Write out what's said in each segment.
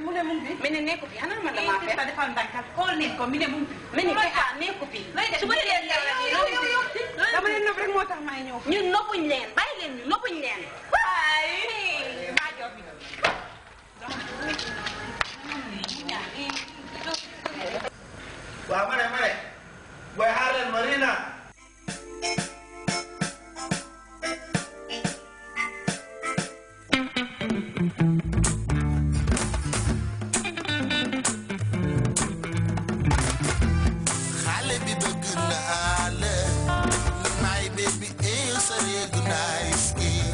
mu ne mu ngi fi. mi ne nekku fi xanaa man damaa fekk. defal ndànkal xool nañ ko mi ne mu ngi fi. mi ne ah nekku looy def su ma leen yàlla dama leen moo tax maay ñëw. ñun noppuñ leen bàyyi leen ñu noppuñ leen. waaye maa jox bi. waaw ma ne I love. My baby is a real nice kid.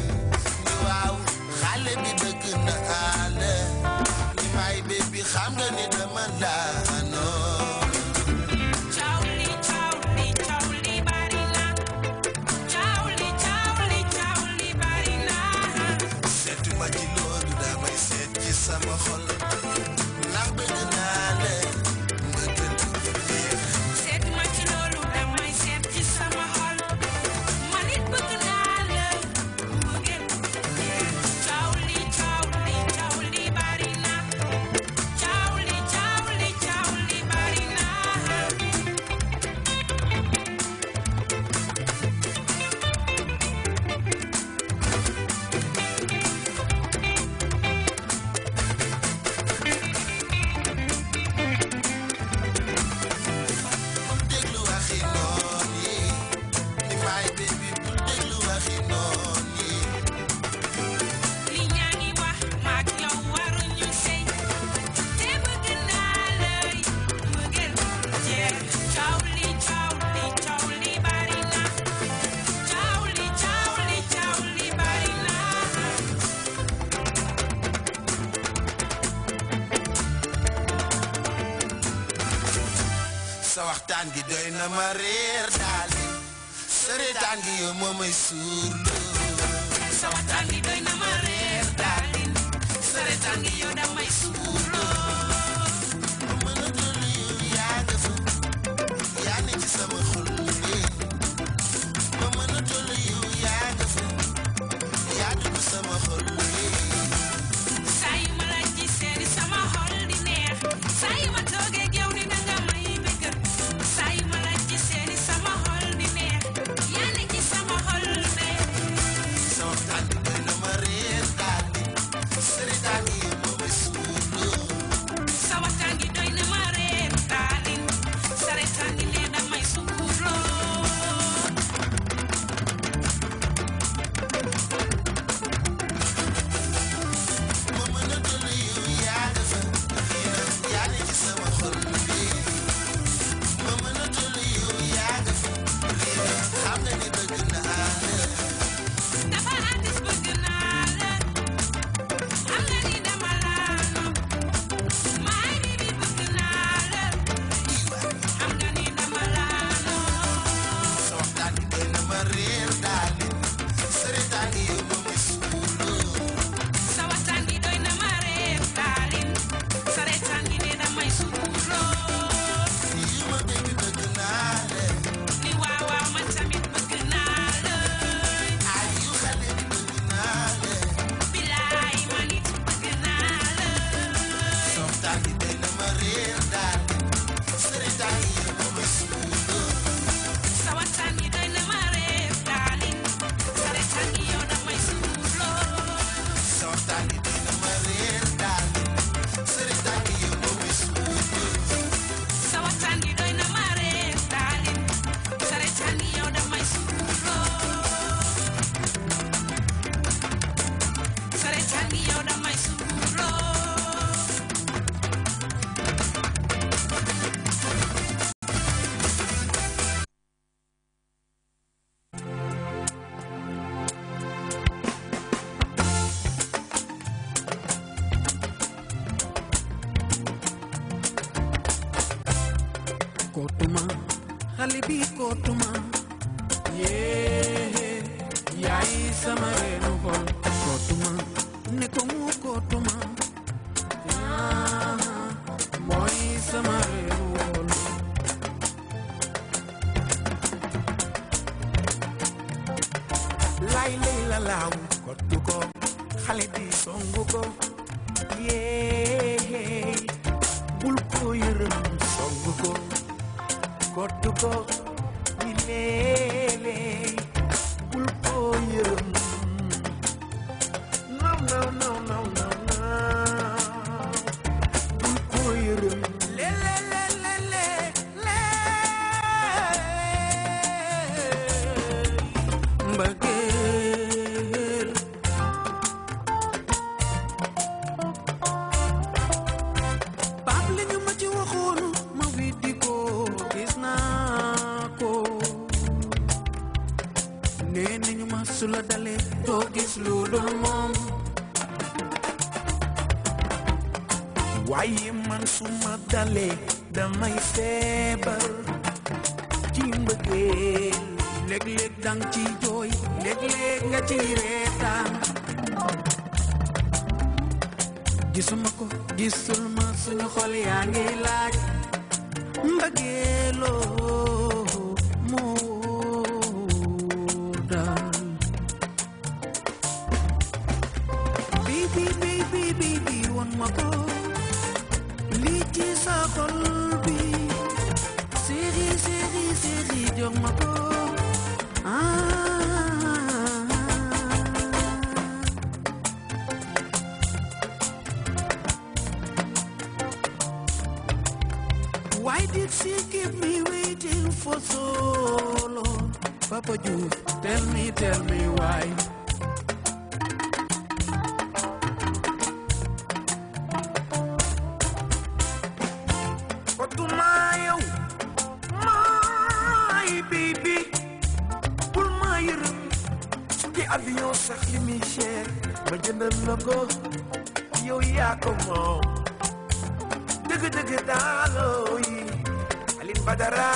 sëritaan gi doy na ma réer daal sëritaan gi yow moo may suur bi kootuma yee yaay sama reenu xol kootuma ne ko mu kootuma mooy sama reenu xol lay lay la laaw kottu ko xale bi songu ko yee bul ko yërëm songu ko kotuko di leele bul ko non non non non su la dalee doo gis lu dul moom waaye man su ma dalee damay feebar ci mbëggeel léeg-léeg dang ci jooy léeg-léeg nga ci reetaan gisuma ko gisul ma suñu xol yaa ngi laaj mbëggeeloo moo Ah. Why did she keep me waiting for so long? Papa tell me, tell me why. avion sax li muy cher ma jëndal la ko yow yaa ko moom dëgg-dëgg daalo oh yi Alioune Badara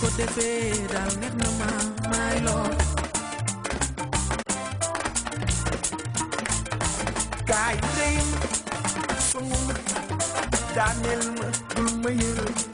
ko defee daal neex na ma maay daaneel ma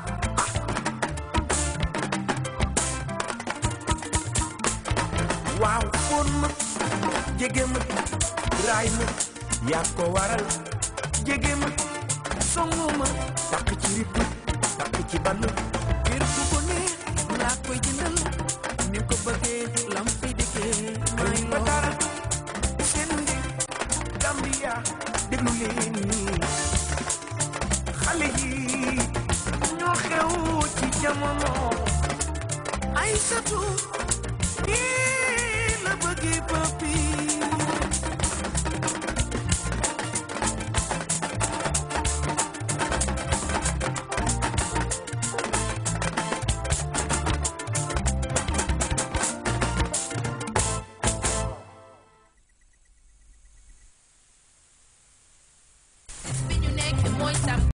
waaw foon jege ma raay ma yaa ko waral jege ma songu ma takk ci ripp takk ci ball kër bu ko ne laa koy jëndal ni ko bëggee lam fay may batara seen nde Gambia déglu leen nii xale yi ñoo xew ci jamono ay satu will be